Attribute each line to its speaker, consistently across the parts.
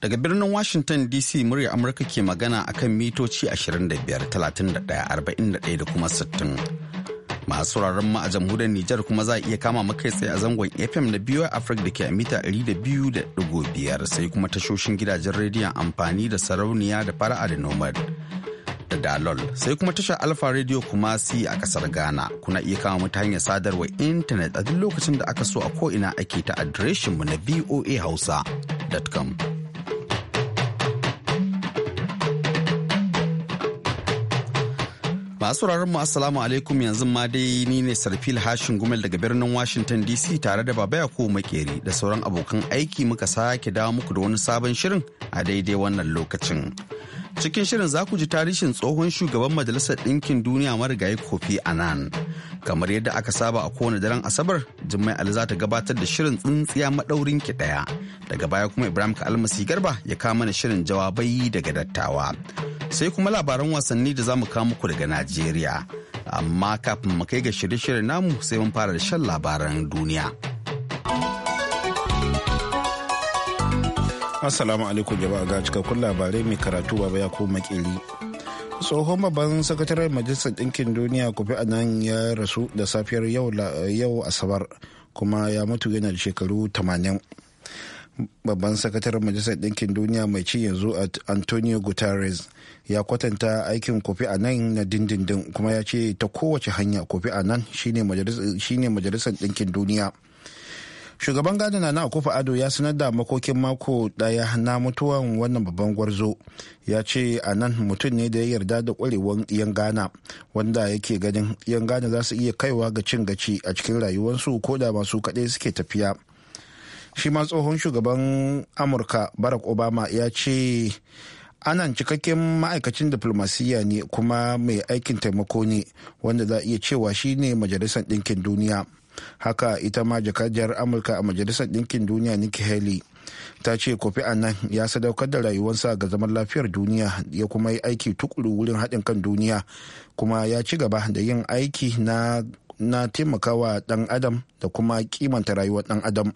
Speaker 1: Daga birnin Washington DC murya Amurka ke magana a kan mitoci 25, 31, 41 da kuma 60. Masu wuraren mu a jamhuriyar Nijar kuma za a iya kama makai tsaye a zangon FM na biyu Africa da ke a mita 200.5 sai kuma tashoshin gidajen rediyon amfani da sarauniya da fara'a da nomad. da dalol sai kuma tashar alfa radio kuma si a kasar ghana kuna iya kama ta hanyar sadarwa intanet a duk lokacin da aka so a ko'ina ake ta adireshinmu na voa hausa.com Masu mu Assalamu alaikum yanzu ma dai ni ne Sarfil Hashin Gumel daga birnin Washington DC tare da Baba Yakubu Makeri da sauran abokan aiki muka sake dawo muku da wani sabon shirin a daidai wannan lokacin. Cikin shirin za ku ji tarihin tsohon shugaban Majalisar Ɗinkin Duniya marigayi Kofi Annan. Kamar yadda aka saba a kowane daren Asabar, Jummai Ali za ta gabatar da shirin tsintsiya maɗaurin ki ɗaya. Daga baya kuma Ibrahim almasi Garba ya kama mana shirin jawabai daga dattawa. sai kuma labaran wasanni da za mu kawo muku daga Najeriya. Amma kafin mu kai ga shirye-shiryen namu sai mun fara da shan labaran duniya.
Speaker 2: Assalamu alaikum jama'a ga cikakkun labarai mai karatu baba ya ko makili. tsohon babban sakataren majalisar ɗinkin duniya a nan ya rasu da safiyar yau asabar kuma ya mutu yana da shekaru 80 babban sakataren majalisar ɗinkin duniya mai ci yanzu antonio guterres ya kwatanta aikin kofi a nan na dindindin kuma ya ce ta kowace hanya kofi a nan shine majalisar ɗinkin duniya shugaban gada na kofa ado ya sanar da makokin mako daya na mutuwan wannan babban gwarzo ya ce a nan mutum ne da ya yarda da kwarewan yan gana wanda yake ganin yan gana za su iya kaiwa ga cin gaci a cikin rayuwarsu ko da masu kaɗai suke tafiya shi ma tsohon shugaban amurka barack obama ya ce anan cikakken ma'aikacin diflomasiyya ne kuma mai aikin taimako ne wanda za a iya cewa shi ne majalisar ɗinkin duniya haka ita ma jakajiyar amurka a majalisar ɗinkin duniya nikki haley ta ce kofi annan ya sadaukar da rayuwarsa ga zaman lafiyar duniya ya kuma yi aiki tukuru wurin haɗin kan duniya kuma ya ci gaba da yin aiki na taimakawa ɗan adam da kuma kimanta rayuwar ɗan adam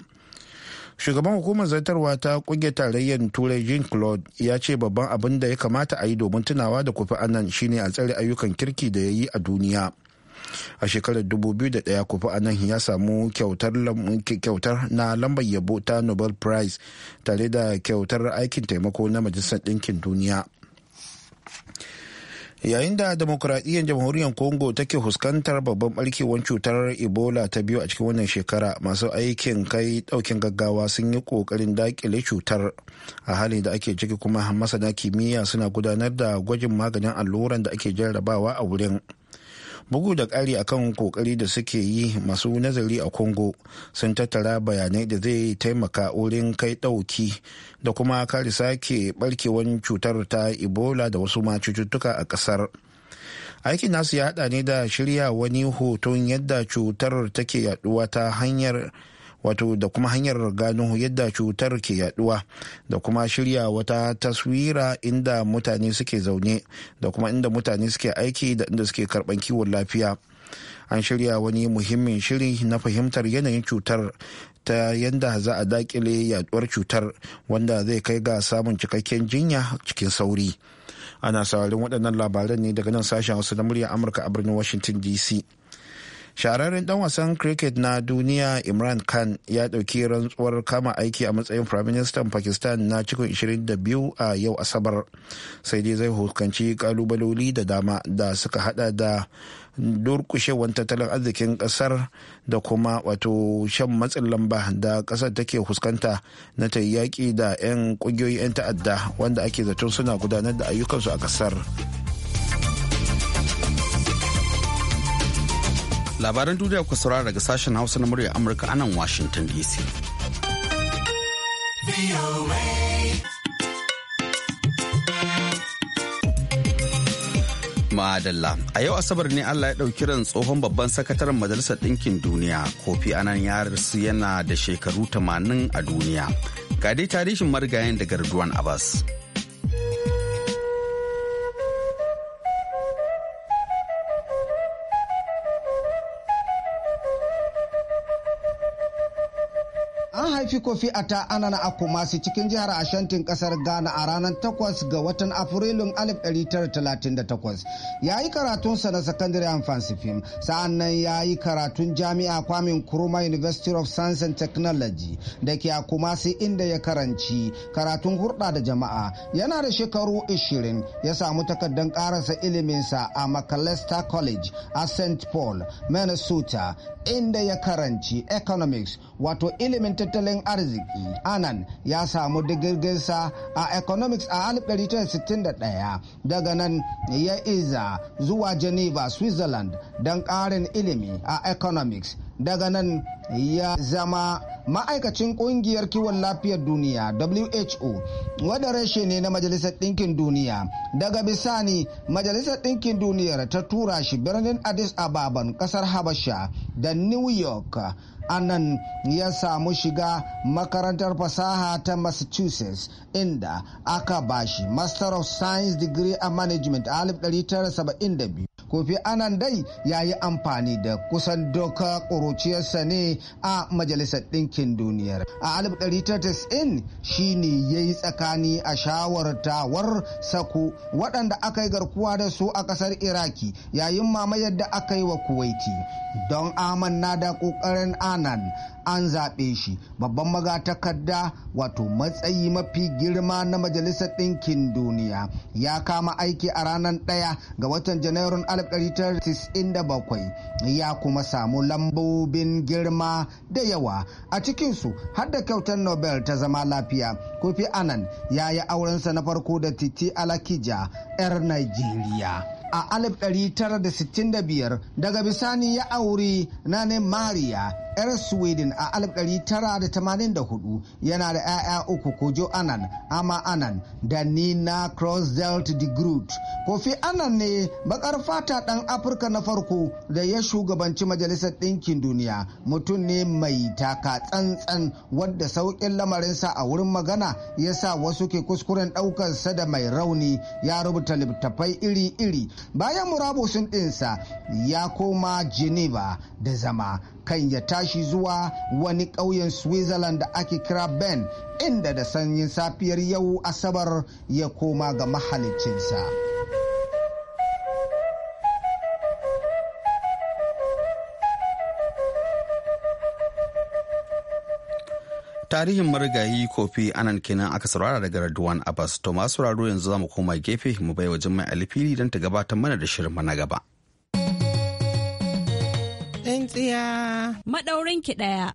Speaker 2: shugaban hukumar zartarwa ta kungiyar tarayyar turai jean claude ya ce babban abin da ya kamata a yi domin tunawa da kufi anan shine a tsare ayyukan kirki da ya yi a duniya a shekarar 2001 kufi anan ya samu kyautar na lambar yabo ta nobel prize tare da kyautar aikin taimako na majalisar ɗinkin duniya yayin da demokuraɗiyyar jamhuriyar congo take fuskantar babban ɓarkewar cutar ebola ta biyu a cikin wannan shekara masu aikin kai ɗaukin gaggawa sun yi ƙoƙarin daƙile cutar a halin da ake ciki kuma masana kimiyya suna gudanar da gwajin maganin alluran da ake jarrabawa a wurin bugu da ƙari a kan kokari da suke yi masu nazari a congo sun tattara bayanai da zai taimaka wurin kai ɗauki da kuma kare sake ɓarkewar cutar ta ebola da wasu ma cututtuka a ƙasar aikin nasu ya haɗa ne da shirya wani hoton yadda cutar take yaduwa ta hanyar wato da kuma hanyar gano yadda cutar ke yaduwa da kuma shirya wata taswira inda mutane suke zaune da kuma inda mutane suke aiki da inda suke karban kiwon lafiya an shirya wani muhimmin shiri na fahimtar yanayin cutar ta yadda za a dakile yaduwar cutar wanda zai kai ga samun cikakken jinya cikin sauri ana saurin waɗannan labaran ne daga nan sashen hausa na murya amurka a birnin washington dc shahararren dan wasan cricket na duniya imran khan ya dauki rantsuwar kama aiki a matsayin prime firaministan pakistan na cikin 22 a yau asabar sai dai zai huskanci kalubaloli da dama da suka hada da durkushewar tattalin arzikin kasar da kuma wato shan matsin lamba da kasar take huskanta na ta yaƙi da 'yan ƙungiyoyi 'yan ta'adda wanda ake zaton suna gudanar da ayyukansu a kasar.
Speaker 1: labaran duniya ku saurara daga sashen hausa na murya amurka anan washington dc Madalla. A yau Asabar ne Allah ya ɗauki ran tsohon babban sakataren Majalisar Ɗinkin Duniya, Kofi Anan rasu yana da shekaru 80 a duniya. Ga dai tarihin marigayen da garduwan Abbas.
Speaker 3: Kofi kofi ata anana a kumasi cikin jihar ashantin kasar ghana a ranar 8 ga watan afrilun 1938 ya yi karatun sa na secondary and fancy film sa'annan ya yi karatun jami'a kwamin kuruma university of science and technology da ke a kumasi inda ya karanci karatun hurɗa da jama'a yana da shekaru 20 ya samu takardar karasa iliminsa a macalester college a st paul minnesota inda ya karanci economics wato ilimin tattalin arziki anan ya samu digirginsa a economics a 1961 daga nan ya iza zuwa geneva switzerland don ƙarin ilimi a economics daga nan ya zama ma'aikacin kungiyar kiwon lafiyar duniya who wadda reshe ne na majalisar ɗinkin duniya daga bisani majalisar ɗinkin duniyar ta tura shi birnin addis ababan ƙasar habasha da new york anan ya samu shiga makarantar fasaha ta massachusetts inda aka bashi master of science degree a management a 1972 kofi anan dai ya yi amfani da kusan doka ƙuruciyarsa ne a majalisar ɗinkin duniyar a 1990 shine ya yi tsakani a shawartawar sako waɗanda aka yi garkuwa da su a ƙasar iraki yayin mamayar da aka yi wa kuwaiti don amanna da ƙoƙarin anan an zaɓe shi babban magatakarda wato matsayi mafi girma na majalisar ɗinkin duniya ya kama aiki a ranar ɗaya ga watan janairun 1997 ya kuma samu lambobin girma da yawa a cikinsu har da kyautar nobel ta zama lafiya kofi anan ya yi aurensa na farko da titi alakija 'yar nigeria a 1965 daga bisani ya auri Nane Maria yar Sweden a 1984 yana da 'ya'ya uku Kojo Anan, Ama Anan da Nina Crossdelt de Groot. Kofi Anan ne bakar fata ɗan Afirka na farko da ya shugabanci Majalisar Ɗinkin Duniya mutum ne mai taka tsantsan wadda sauƙin lamarinsa a wurin magana ya sa wasu ke kuskuren ɗaukarsa da mai rauni ya rubuta littattafai iri-iri bayan murabusin ɗinsa ya koma geneva da zama kan ya tashi zuwa wani ƙauyen switzerland da ake kira ben inda da sanyin safiyar yau asabar ya koma ga mahalicinsa
Speaker 1: Tarihin marigayi kofi anan kenan aka saurara daga Raduwan Abbas to masu raro yanzu za mu koma gefe mu bai wa Jummai Alifili don ta gabatar mana da shirin na gaba.
Speaker 4: Tsintsiya. Maɗaurin ki ɗaya.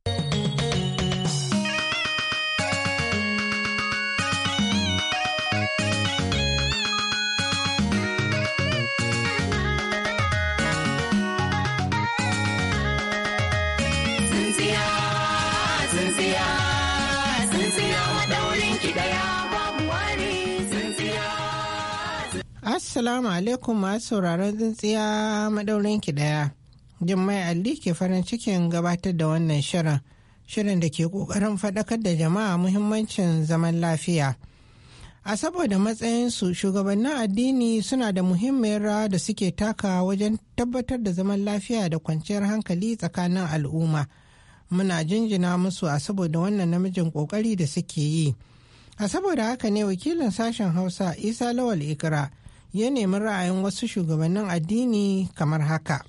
Speaker 4: Assalamu alaikum masu sauraron tsintsiya madaurin ki daya. Jummai Ali ke farin cikin gabatar da wannan shirin. Shirin da ke kokarin faɗakar da jama'a muhimmancin zaman lafiya. A saboda matsayinsu shugabannin addini suna da muhimmiyar rawa da suke taka wajen tabbatar da zaman lafiya da kwanciyar hankali tsakanin al'umma. Muna jinjina musu a saboda wannan namijin kokari da suke yi. A saboda haka ne wakilin sashen Hausa Isa Lawal Ikra ya nemi ra'ayin wasu shugabannin addini kamar haka.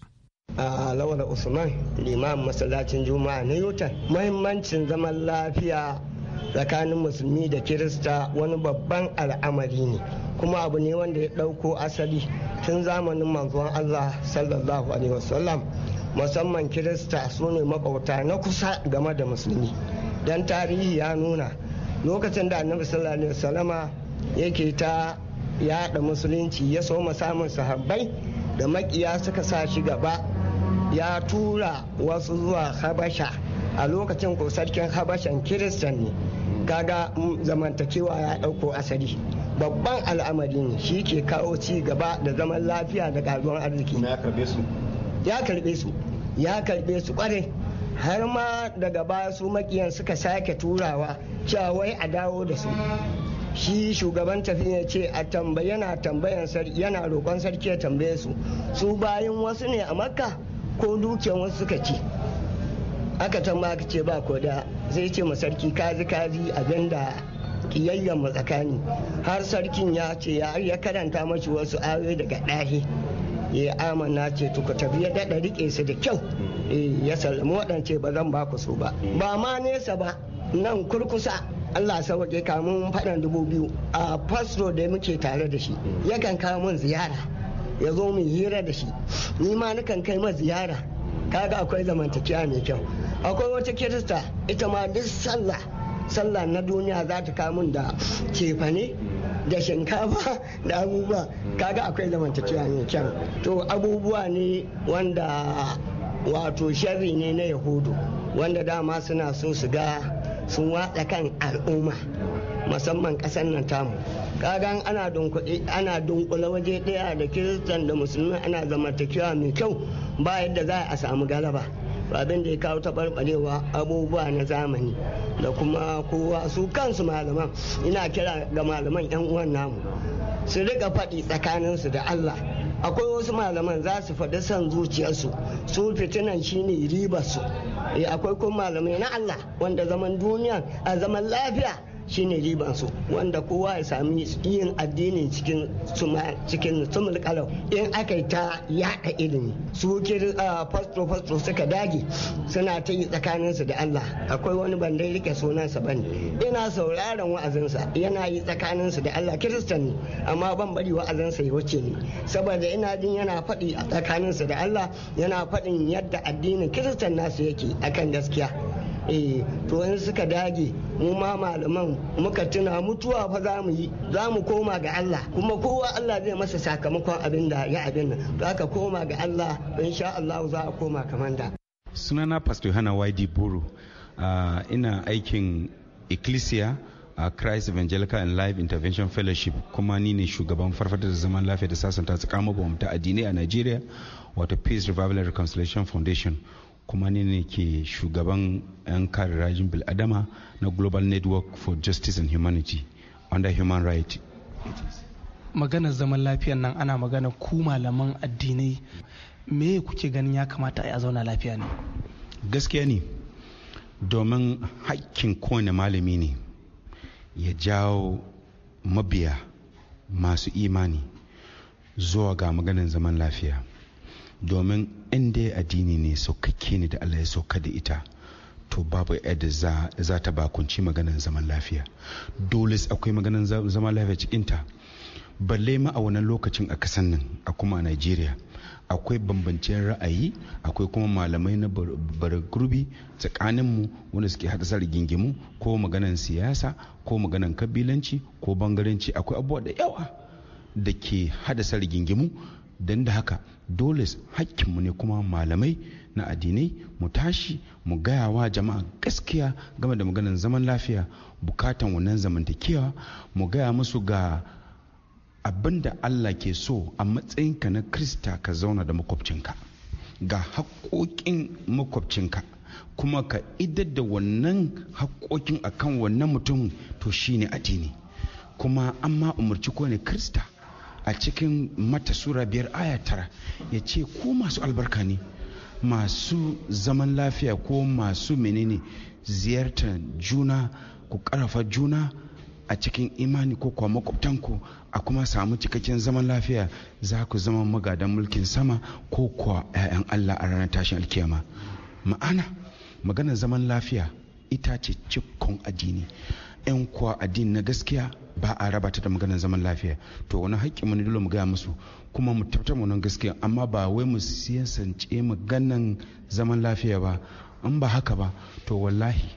Speaker 5: a lawal usman liman masallacin juma'a na yotan mahimmancin zaman lafiya tsakanin musulmi da kirista wani babban al'amari ne kuma abu ne wanda ya ɗauko asali tun zamanin manzon allah sallallahu alaihi wasallam musamman kirista su ne makauta na kusa game da musulmi don tarihi ya nuna lokacin da annabi sallallahu alaihi wasallama yake ta ya musulunci ya soma samun sahabbai da makiya suka sa shi gaba ya tura wasu zuwa habasha a lokacin ko sarkin habashan kiristan ne kaga mm, zamantakewa ya ɗauko asali babban al'amari ne shi ke kawo ci gaba da zaman lafiya da karuwan arziki ya karbe su ya karbe su ya har ma daga baya su makiyan suka sake turawa cewa wai a dawo da su shi shugaban tafiya ce a tambayi yana tambayan sarki yana roƙon sarki ya tambaye su su bayan wasu ne a makka ko dukiyar wasu suka ci aka tambaya ce ba ko da zai ce ma sarki kazi kazi abinda kiyayyen mu tsakani har sarkin ya ce ya ya karanta mashi wasu ayoyi daga ɗahi ya amana ce tuka tafi ya daɗa riƙe su da kyau eh, ya sallama waɗance ba zan ba ku su ba ba ma nesa ba nan kurkusa Allah sauke kamun faɗan dubu biyu a pastor da muke tare da shi yakan kawo min ziyara ya zo min hira da shi ni ma nakan kai ma ziyara kaga akwai zamantakewa mai kyau akwai wata kirista ita ma duk sallah sallah na duniya za ta kawo mun da cefane da shinkafa da abubuwa kaga akwai zamantakewa mai kyau to abubuwa ne wanda wato sharri ne na yahudu wanda dama suna so su ga sun watsa kan al'umma musamman ƙasar nan tamu kagan ana dunkuɗi ana dunkula waje ɗaya da kiristan da musulmi ana zamantakewa mai kyau ba yadda za a samu galaba abin da ya kawo taɓarɓarewa abubuwa na zamani da kuma kowa su kansu malaman ina kira ga malaman 'yan uwan namu su riƙa faɗi su da allah akwai wasu malaman za su faɗi son zuciyarsu su fitinan shine ribarsu eh, akwai kuma malamai na Allah wanda zaman duniya a zaman lafiya shine riban su wanda kowa ya sami yin addinin cikin cikin sumul kalau in aka yi ta yaɗa ilimi su kir fasto fasto suka dage suna ta yi tsakaninsu da Allah akwai wani ban dai rike sunansa bane ina sauraron wa'azinsa yana yi tsakaninsu da Allah kiristan ne amma ban bari wa'azinsa ya wuce ni saboda ina jin yana faɗi a tsakaninsa da Allah yana faɗin yadda addinin kiristan nasu yake akan gaskiya eh to in suka dage mu ma malaman muka tuna mutuwa fa za mu yi za mu koma ga Allah kuma kowa Allah zai masa sakamakon abin da ya abin nan to aka koma ga Allah insha Allah za a koma kamar da
Speaker 6: sunana pastor Hana Wadi Buru uh, ina aikin ecclesia a ah, Christ Evangelical and Life Intervention Fellowship kuma ni ne shugaban farfadar da zaman lafiya da sasanta mu mabamta addinai a Nigeria wato Peace Revival and Reconciliation Foundation kuma ne ne ke shugaban 'yan kare rajin bil'adama na global network for justice and humanity under human rights maganar zaman lafiyar nan ana magana ku malaman addinai me kuke ganin ya kamata
Speaker 3: a zauna lafiya ne
Speaker 6: gaskiya ne domin hakkin kowane malami ne ya jawo mabiya masu imani zuwa ga maganin zaman lafiya domin inda ya addini ne saukake ne da allah ya sauka da ita to babu yadda za ta bakunci maganar zaman lafiya dole akwai maganar zaman lafiya cikinta balle ma a wannan lokacin a kasan nan a kuma nigeria akwai bambancin ra'ayi akwai kuma malamai na bargurbi tsakaninmu wanda suke haddasa rigingimu ko maganan siyasa ko maganan kabilanci ko bangaranci akwai abubuwa da yawa da ke hada haddasa rigingimu don da haka dole hakkinmu ne kuma malamai na addinai mu tashi mu gaya wa jama'a gaskiya game da maganar zaman lafiya bukatan wannan zamantakewa mu gaya musu ga abin da allah ke so a matsayinka na krista ka zauna da makwabcinka ga haƙoƙin makwabcinka kuma ka idar da wannan haƙoƙin akan wannan mutum to shine addini kuma an ma umarci ko ne krista a cikin mata sura biyar aya tara ya ce ko masu albarka ne masu zaman lafiya ko masu menene ziyartar juna ku karafa juna a cikin imani ko kuwa makwabtanku a kuma samu cikakken zaman lafiya za ku zama magadan mulkin sama ko kuwa 'ya'yan Allah a ranar tashin alkiyama ma'ana maganar zaman lafiya ita ce cikon addini 'yan kuwa addini na gaskiya ba a raba ta da maganar zaman lafiya to wani haƙƙi mu ne dole mu gaya musu kuma mu tabbatar mu nan gaskiya amma ba wai mu siyasance maganan zaman lafiya ba in ba haka ba to wallahi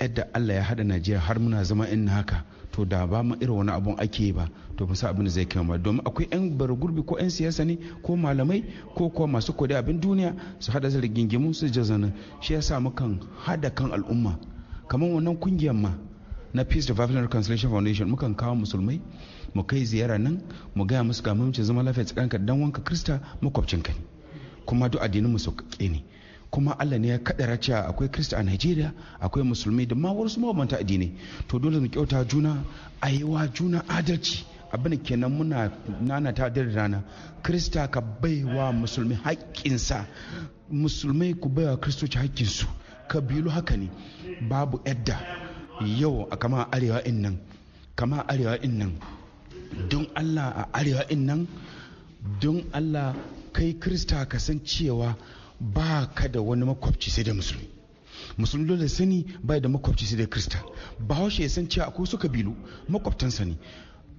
Speaker 6: yadda Allah ya haɗa Najeriya har muna zama in haka to da ba mu irin wani abun ake ba to musa abin da zai kai ba domin akwai yan bargurbi ko yan siyasa ne ko malamai ko kuma masu kodi abin duniya su hada zargingimu su jazanin shi yasa mukan hada kan al'umma kamar wannan kungiyar ma na peace development and reconciliation foundation mukan kawo musulmai mu kai ziyara nan mu gaya musu ga mamci zama lafiya ka dan wanka krista makwabcinka ne kuma duk addinin mu sauƙaƙe ne kuma Allah ne ya kaddara cewa akwai krista a Najeriya akwai musulmai da ma wasu mabambanta addinai to dole mu kyauta juna a yi wa juna adalci abin kenan muna nana ta da rana krista ka baiwa musulmi haƙƙinsa musulmai ku baiwa kiristoci haƙƙinsu kabilu haka ne babu yadda yau a kama arewa in nan kama arewa in nan don allah a arewa in nan don allah kai krista ka san cewa ba ka da wani makwabci sai da musulmi musulmi dole sani bai da makwabci sai da krista bahaushe ya san cewa akwai su kabilu makwabtansa ne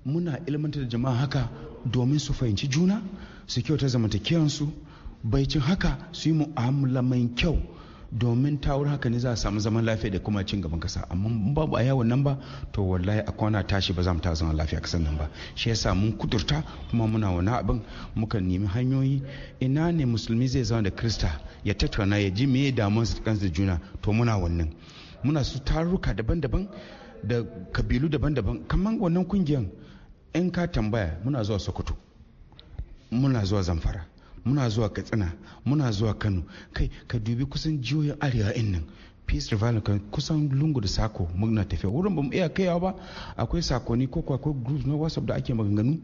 Speaker 6: muna ilmantar da jama'a haka domin su fahimci juna su kyauta zamantakewansu baicin haka su yi mu'amala mai kyau domin ta wurin haka ne za a samu zaman lafiya da kuma cin gaban kasa amma babu a yawon nan ba to wallahi a kwana tashi ba za mu ta zaman lafiya kasan nan ba shi yasa mun kudurta kuma muna wani abin muka nemi hanyoyi ina ne musulmi zai zama da krista ya tattauna ya ji meye damuwar su kansa juna to muna wannan muna su taruka daban-daban da kabilu daban-daban kamar wannan kungiyan in ka tambaya muna zuwa sokoto muna zuwa zamfara muna zuwa katsina muna zuwa kano kai ka dubi kusan jihohin arewa in nan peace river kan kusan lungu da sako muna tafiya wurin ba mu iya kaiwa ba akwai sakonni ko akwai group na whatsapp da ake maganganu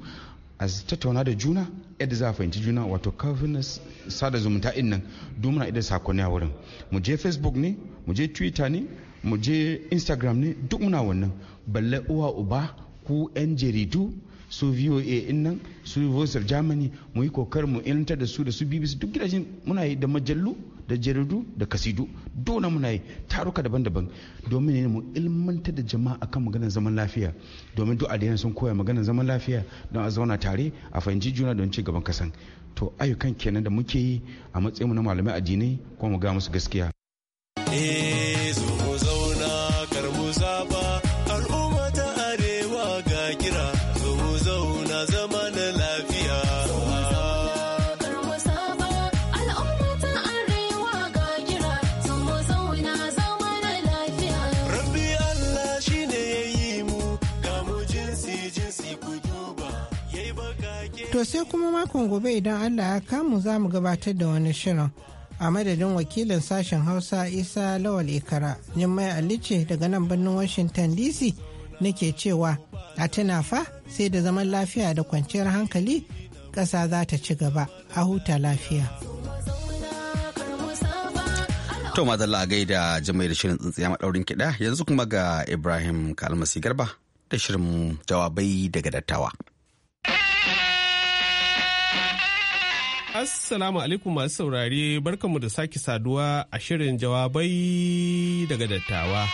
Speaker 6: a tattauna da juna yadda za a fahimci juna wato kafin sada zumunta in nan duk muna idan sakonni a wurin mu je facebook ne mu je twitter ne mu je instagram ne duk muna wannan balle uwa uba ku 'yan jaridu su voa in nan su voice of germany mu yi kokar mu ilantar da su da su bbc duk gidajen muna yi da majallu da jaridu da kasidu dole muna yi taruka daban-daban domin ne mu ilmantar da jama'a akan maganar zaman lafiya domin duk addinan sun koya maganar zaman lafiya don a zauna tare a fahimci juna don ci gaban kasan to ayyukan kenan da muke yi a matsayin mu na malamai addinai kuma mu ga musu gaskiya
Speaker 4: sai kuma makon gobe idan Allah ya kamu za mu gabatar da wani shirin. A madadin wakilin sashen Hausa Isa Lawal Ikara, mai Alice daga nan birnin Washington DC nake cewa a tuna fa sai da zaman lafiya da kwanciyar hankali ƙasa za ta ci gaba a huta lafiya.
Speaker 1: To madalla a gaida jimai da shirin tsintsiya maɗaurin kiɗa yanzu kuma ga Ibrahim Kalmasi Garba da shirin jawabai daga dattawa.
Speaker 7: Assalamu alaikum masu saurare barkanmu da sake saduwa a shirin jawabai daga dattawa.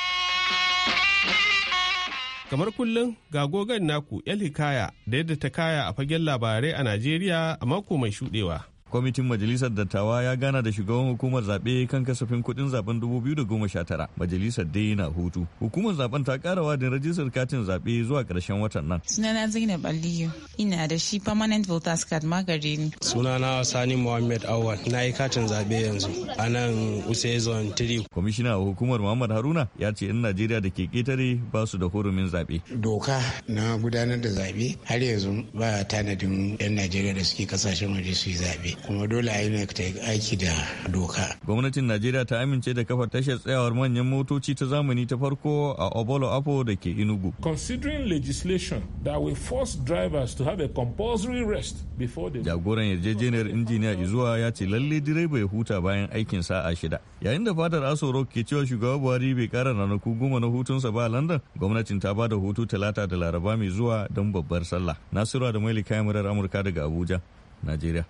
Speaker 7: Kamar kullum ga gogon naku 'yan Hikaya da yadda ta kaya
Speaker 8: a fagen labarai a Najeriya a mako mai shuɗewa. kwamitin majalisar dattawa ya gana da shugaban hukumar zaɓe kan kasafin kuɗin zaben 2019 majalisar dai na hutu hukumar zaben ta ƙara wadin rajistar katin zaɓe zuwa ƙarshen watan nan
Speaker 4: sunana zainab aliyu ina da shi permanent voters card magarin
Speaker 8: sunana sani muhammad awal na yi katin zaɓe yanzu a nan usai zone 3 kwamishina a hukumar muhammad haruna ya ce yan najeriya da ke ƙetare ba su da hurumin zaɓe
Speaker 6: doka na gudanar da zaɓe har yanzu ba tanadin yan najeriya da suke kasashen waje su yi zaɓe kuma dole a yi ta aiki da
Speaker 8: doka. Gwamnatin Najeriya ta amince da kafa tashar tsayawar manyan motoci ta zamani ta farko a Obolo Apo da ke Enugu.
Speaker 3: Considering legislation that will force drivers to have a
Speaker 2: compulsory rest
Speaker 8: before they... Jagoran yarjejeniyar injiniya Izuwa ya ce lalle direba ya huta bayan aikin sa'a shida. Yayin da fatar Aso Rock ke cewa shugaba Buhari bai kara ranaku goma na hutunsa ba a London, gwamnatin ta ba da hutu talata da laraba mai zuwa don babbar sallah. Nasiru da Maili kayan Amurka daga Abuja, Najeriya.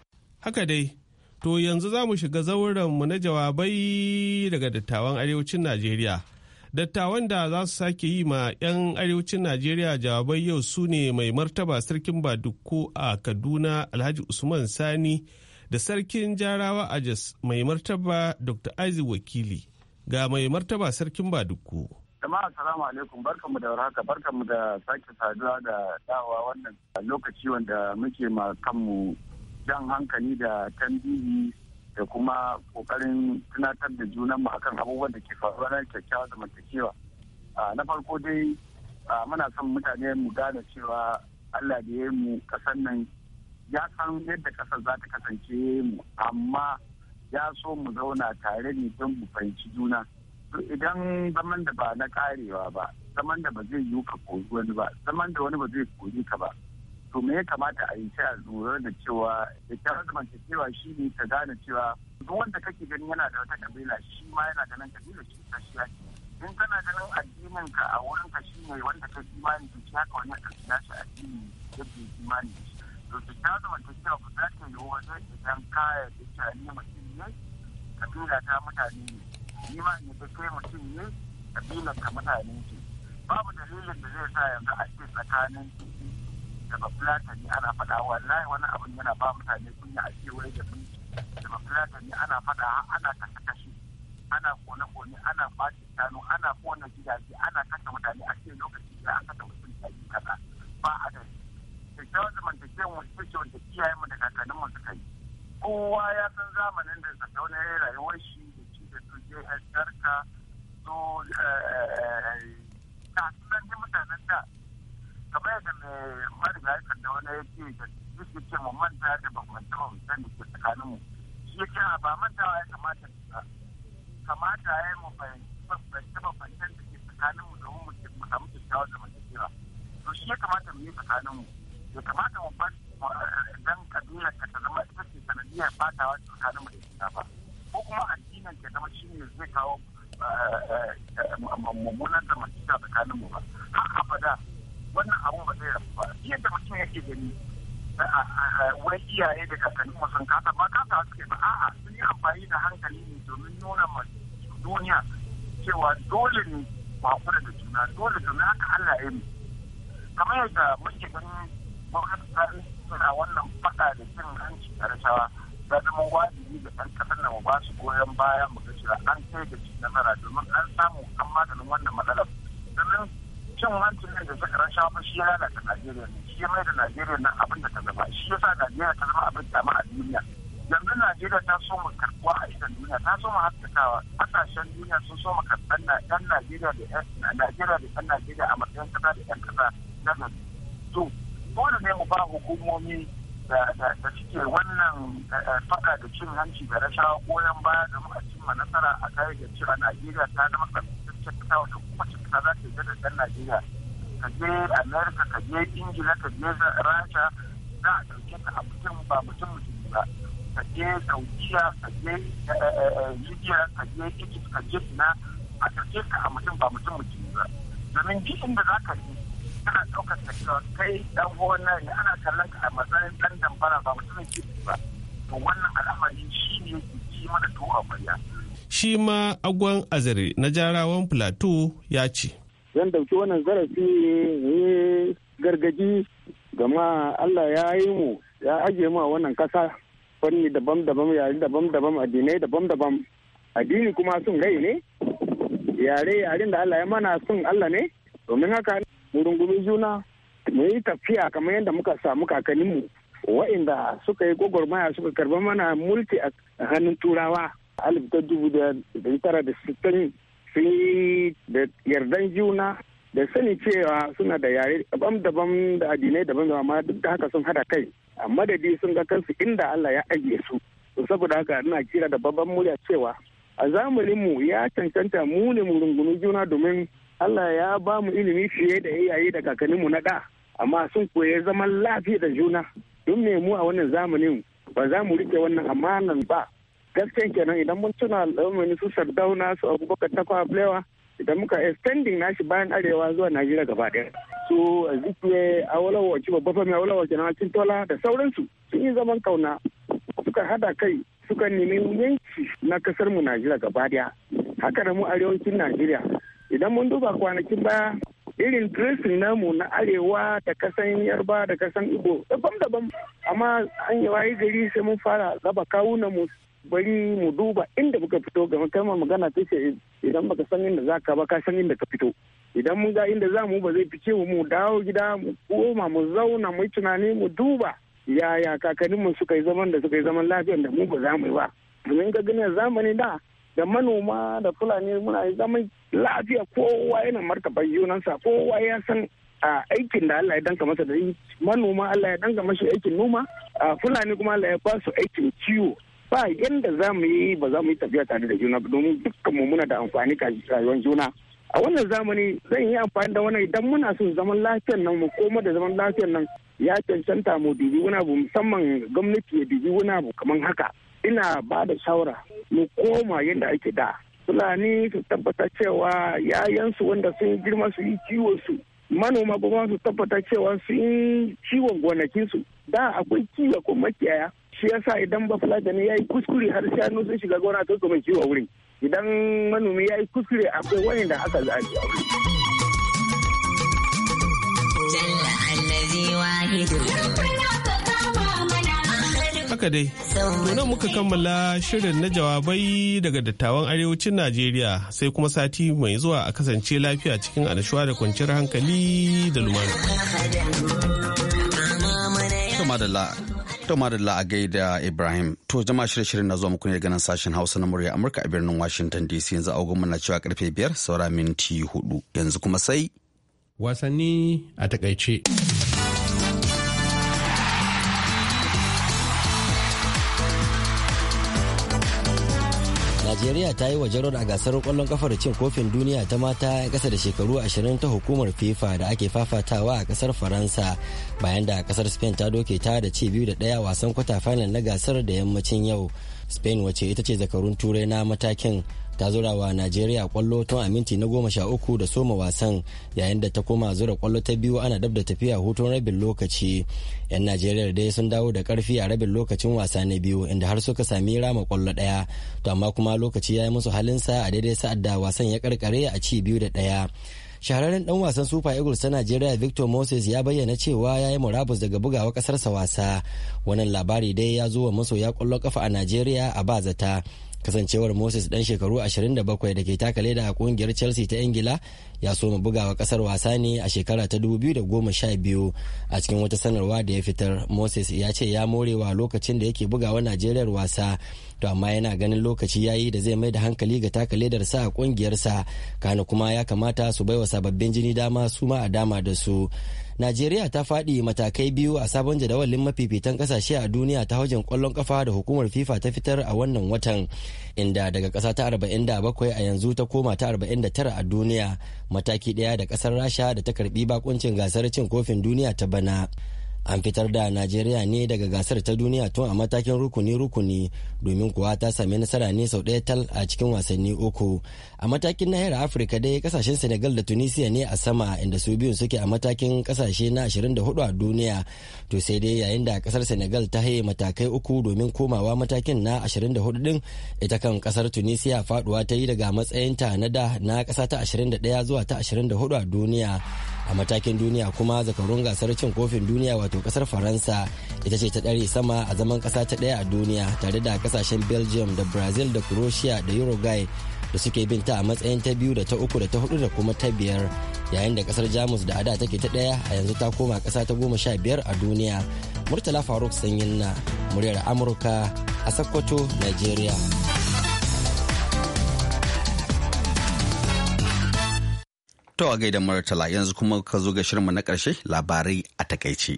Speaker 8: Haka dai, to yanzu za mu shiga
Speaker 7: zaurenmu na jawabai daga dattawan arewacin Najeriya. Dattawan da za su sake yi ma 'yan arewacin Najeriya jawabai yau su ne mai martaba sarkin a Kaduna Alhaji Usman Sani da sarkin Jarawa a Jos mai martaba Dr. Aizi Wakili ga mai martaba sarkin
Speaker 9: jama'a salamu alaikum barkanmu da warhaka barkanmu da sake saduwa da dawa wannan lokaci wanda muke ma kanmu jan hankali da tambihi da kuma kokarin tunatar da mu akan abubuwan da ke faruwa na kyakkyawa zamantakewa na farko dai muna son mutane mu gane cewa allah da ya mu kasan nan ya san yadda kasar za ta kasance mu amma ya so mu zauna tare ne don mu fahimci juna idan zaman da ba na karewa ba zaman da ba zai yi ka kori wani ba zaman da wani ba zai kori ka ba to me ya kamata a yi ta lura da cewa da kyakkyawar cewa shi ne ka gane cewa duk wanda kake ganin yana da wata kabila shi ma yana da nan kabila shi ta shi ake in kana ganin addinin ka a wurin ka shi ne wanda ka imani da shi haka wani ka kira shi addini yadda ya imani da shi to zama ta cewa ku ta yi wajen idan kaya da a nema shi ne kabila ta mutane ne ni ma ne da kai mutum ne kabila ka mutane ne babu dalilin da zai sa yanzu a ce tsakanin da ne ana faɗa wallahi wani abin yana ba mutane kunya a kewaye da mun da ne ana faɗa ana kasa kashe ana kone kone ana ɓaci shanu ana kone gidaje ana kasa mutane a cikin lokaci da an kasa mutum da yi kaza ba a da kyakkyawar zamantakewa ita ce wanda kiyayenmu da kakanninmu suka yi
Speaker 10: kowa ya
Speaker 9: san zamanin da yi rayuwar shi da shi da su je a sarka so kasuwanci eh, eh, eh, mutanen da kamar yadda mai mariga ya da wani ya da duk ce mu manta da bambance bambance da ke tsakanin mu shi yake a ba mantawa ya kamata ba kamata ya yi mu bambance bambance da ke tsakanin mu domin mu ce mu samu kyakkyawar kira to shi ya kamata mu yi tsakanin mu ya kamata mu bar dan kabila ka ta zama ita ce sanadiyar batawa tsakanin mu da ita ba ko kuma addinin ka zama shi ne zai kawo mummunan zamantakewa tsakanin mu ba har abada wannan abun ba zai rabu ba yadda mutum yake gani wai iyaye da kakanni sun kasa ba kasa suke ba a'a sun yi amfani da hankali ne domin nuna ma duniya cewa dole ne ba kula da juna dole da haka Allah ya yi kamar yadda muke ganin gwamnati ta suna wannan faɗa da cin hanci da rashawa da zama wajibi da ɗan ƙasar na ba su goyon baya mu ga cewa an kai da ci nasara domin an samu an maganin wannan matsalar domin cin hancin da zai karan ba shi ya lalata Najeriya ne shi ya mai da Najeriya na abin da ta zama shi ya sa Najeriya ta zama abin dama a duniya yanzu Najeriya ta so mu karɓuwa a idan duniya ta so mu haskakawa ƙasashen duniya sun so mu karɓar ɗan Najeriya da ƴan Najeriya da ɗan Najeriya a matsayin ƙasa da ƴan ƙasa na gari to dole ne mu ba hukumomi da suke wannan eh, eh, faɗa da cin hanci da rashawa goyon baya da a cimma nasara a kai da cewa Najeriya ta zama ƙasashen ƙasa wata kuma ka za ta da ɗan Najeriya ka je Amerika ka je Ingila ka je Rasha za a ɗauke ka a mutum ba mutum mutum ba ka je Saudiya ka je eh, eh, eh, Libya ka je Egypt ka je ina a ɗauke ka a mutum ba mutum mutum ba domin duk inda za ka je kana ɗaukar ka cewa kai ɗan gona ne ana kallon ka a matsayin ɗan dambara ba mutumin mutum ba to wannan al'amari shi ne ke ci mana tuwa
Speaker 7: bayan. shi ma agwan azare na jarawan plateau ya ce
Speaker 10: zan dauki wannan zarafi ne gargaji gama allah ya yi mu ya ajiye mu a wannan kasa fanni daban-daban yare daban-daban addinai daban-daban addini kuma sun rai ne yare yaren da allah ya mana sun allah ne domin haka mu rungumi juna mu yi tafiya kamar yadda muka samu kakanninmu wa'inda suka yi gwagwarmaya suka karba mana mulki a hannun turawa alif ta dubu da tara da sittin sun da yardan juna da sani cewa suna da yare daban-daban da addinai daban-daban amma duk da haka sun hada kai a madadi sun ga kansu inda Allah ya ajiye su saboda haka ina kira da babban murya cewa a zamanin mu ya cancanta mu ne mu rungunu juna domin Allah ya ba mu ilimi fiye da iyaye da kakanni mu na da amma sun koye zaman lafiya da juna don me mu a wannan zamanin ba za mu rike wannan amanan ba gaskiyan kenan idan mun tuna al'ummar su sardauna su abubakar takwa blewa idan muka extending nashi bayan arewa zuwa najeriya gaba daya su zikiwe awolowo babba fami awolowo na cin tola da sauransu sun yi zaman kauna suka hada kai suka nemi yanki na kasar mu najeriya gaba daya haka da mu arewacin najeriya idan mun duba kwanakin baya irin dressing namu na arewa da kasan yarba da kasan igbo daban-daban amma an yi waye gari sai mun fara raba kawunan mu bari mu duba inda muka fito game kalmar magana ta ce idan baka san inda za ka ba ka san inda ka fito idan mun ga inda za mu ba zai fice mu dawo gida mu koma mu zauna mu yi tunani mu duba yaya kakanninmu suka yi zaman da suka yi zaman lafiyar da mu ba za mu yi ba domin ga ganin zamani da da manoma da fulani muna yi zaman lafiya kowa yana martaba yunansa kowa ya san a aikin da Allah ya danka masa da yi manoma Allah ya danka masa aikin noma a fulani kuma Allah ya ba su aikin ciwo. ba yadda za mu yi ba za mu yi tafiya tare da juna domin dukkan mu muna da amfani ga rayuwar juna a wannan zamani zan yi amfani da wannan idan muna son zaman lafiyar nan mu koma da zaman lafiyar nan ya cancanta mu dubi wani abu musamman gwamnati ya dubi wani abu kamar haka ina ba da shawara mu koma yadda ake da fulani su tabbata cewa yayansu wanda sun girma su yi ciwo su manoma kuma su tabbata cewa sun ciwon gonakinsu da akwai kiwa ko makiyaya shi yasa idan ba fulani ya yi kuskure har shanu sun shiga gona sun kuma kiwo wurin idan manomi ya yi kuskure akwai wani da aka za a wurin.
Speaker 4: a allazi
Speaker 7: haka dai. nuna muka kammala shirin na jawabai daga dattawan arewacin Najeriya sai kuma sati mai zuwa a kasance lafiya cikin annashuwa da kwanciyar hankali da lumana.
Speaker 1: To madalla a gaida Ibrahim. To jama shirye-shiryen na zuwa muku ne daga nan sashen Hausa na murya Amurka a birnin Washington DC yanzu agogon muna cewa karfe biyar saura minti hudu yanzu kuma
Speaker 4: sai. Wasanni a takaice.
Speaker 11: Najeriya ta yi wa jarar a gasar kwallon kafar cin kofin duniya ta mata kasa da shekaru 20 ta hukumar FIFA da ake fafatawa a kasar Faransa bayan da kasar Spain ta doke ta da ci biyu da daya wasan kwata final na gasar da yammacin yau. spain wace ita ce zakarun turai na matakin ta zura wa najeriya kwallo tun a minti na goma sha uku da soma wasan yayin da ta koma zura kwallo ta biyu ana dab da tafiya hutun rabin lokaci yan najeriya dai sun dawo da karfi a rabin lokacin wasa na biyu inda har suka sami rama kwallo daya to amma kuma lokaci ya yi musu halin halinsa a daidai sa'ad da wasan ya karkare a ci biyu da daya shahararren dan wasan super eagles ta najeriya victor moses ya bayyana cewa ya yi murabus daga bugawa kasarsa wasa wannan labari dai ya zo wa masoya kwallo kafa a najeriya a ba zata kasancewar moses dan shekaru 27 da ke taka leda a kungiyar chelsea ta ingila ya so mu bugawa kasar wasa ne a shekara ta 2012 a cikin wata sanarwa da ya fitar moses ya ce ya morewa lokacin da yake bugawa najeriyar wasa to amma yana ganin lokaci yayi da zai mai da hankali ga taka sa a kungiyarsa kana kuma ya kamata su baiwa sababbin jini dama su ma a dama da su Najeriya ta faɗi matakai biyu a sabon jadawalin mafifitan kasashe a duniya ta hajjin kwallon kafa da hukumar FIFA ta fitar a wannan watan, inda daga ƙasa ta 47 a yanzu ta koma ta 49 a duniya, mataki ɗaya da kasar Rasha da ta karɓi bakuncin gasar cin kofin duniya ta bana. an fitar da najeriya ne daga gasar ta duniya tun a matakin rukuni-rukuni domin kuwa ta sami nasara ne sau ɗaya tal a cikin wasanni uku a matakin nahiyar afirka dai kasashen senegal da tunisia ne a sama inda su biyun suke a matakin kasashe na 24 a duniya to sai dai yayin da kasar senegal ta haye matakai uku domin komawa matakin na 24 din ita kan kasar tunisia faduwa ta yi daga matsayin ta na da na kasa ta 21 zuwa ta 24 a duniya a matakin duniya kuma zakarun gasar cin kofin duniya wato kasar faransa ita ce ta ɗari sama a zaman kasa ta ɗaya a duniya tare da kasashen belgium da brazil da croatia da uruguay da suke bin ta a matsayin ta biyu da ta uku da ta hudu da kuma ta biyar yayin da kasar jamus da ada take ta daya a yanzu ta koma kasa ta goma sha biyar a duniya murtala faruk sanyin na muryar amurka a sokoto nigeria to a gaida
Speaker 1: murtala yanzu kuma ka zo ga shirinmu na karshe labarai a takaice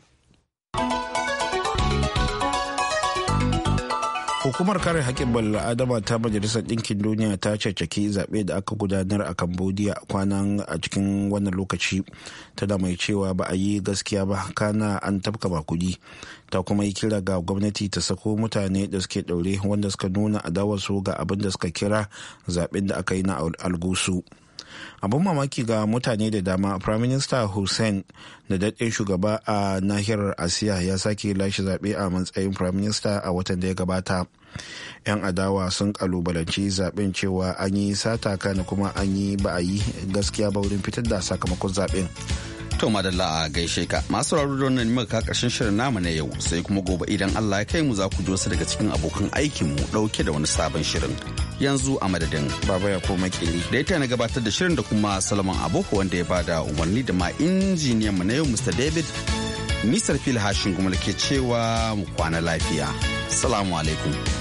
Speaker 2: hukumar kare haƙƙin adama ta majalisar ɗinkin duniya ta caccaki zaɓe da aka gudanar a cambodia kwanan a cikin wannan lokaci tana mai cewa ba a yi gaskiya ba kana an tafka makudi ta kuma yi kira ga gwamnati ta sako mutane da suke ɗaure wanda suka nuna adawarsu ga abin da suka kira zaɓen da aka yi na algusu. abin mamaki ga mutane da dama prime minister hussein da daɗin shugaba a nahiyar asiya ya sake lashe zaɓe a matsayin prime minister a watan da ya gabata 'yan adawa sun kalubalanci zaben cewa an yi sata kana kuma an yi ba a yi gaskiya ba wurin fitar da sakamakon zaben
Speaker 1: to madalla a gaishe ka masu rarrudon na nima ka karshen shirin namu na yau sai kuma gobe idan allah ya kai mu za ku ji wasu daga cikin abokan aikinmu dauke da wani sabon shirin yanzu a madadin baba ya koma kili da ita na gabatar da shirin da kuma salman aboko wanda ya bada umarni da ma injiniyan mu na yau mr david mr phil hashin kuma ke cewa mu kwana lafiya salamu alaikum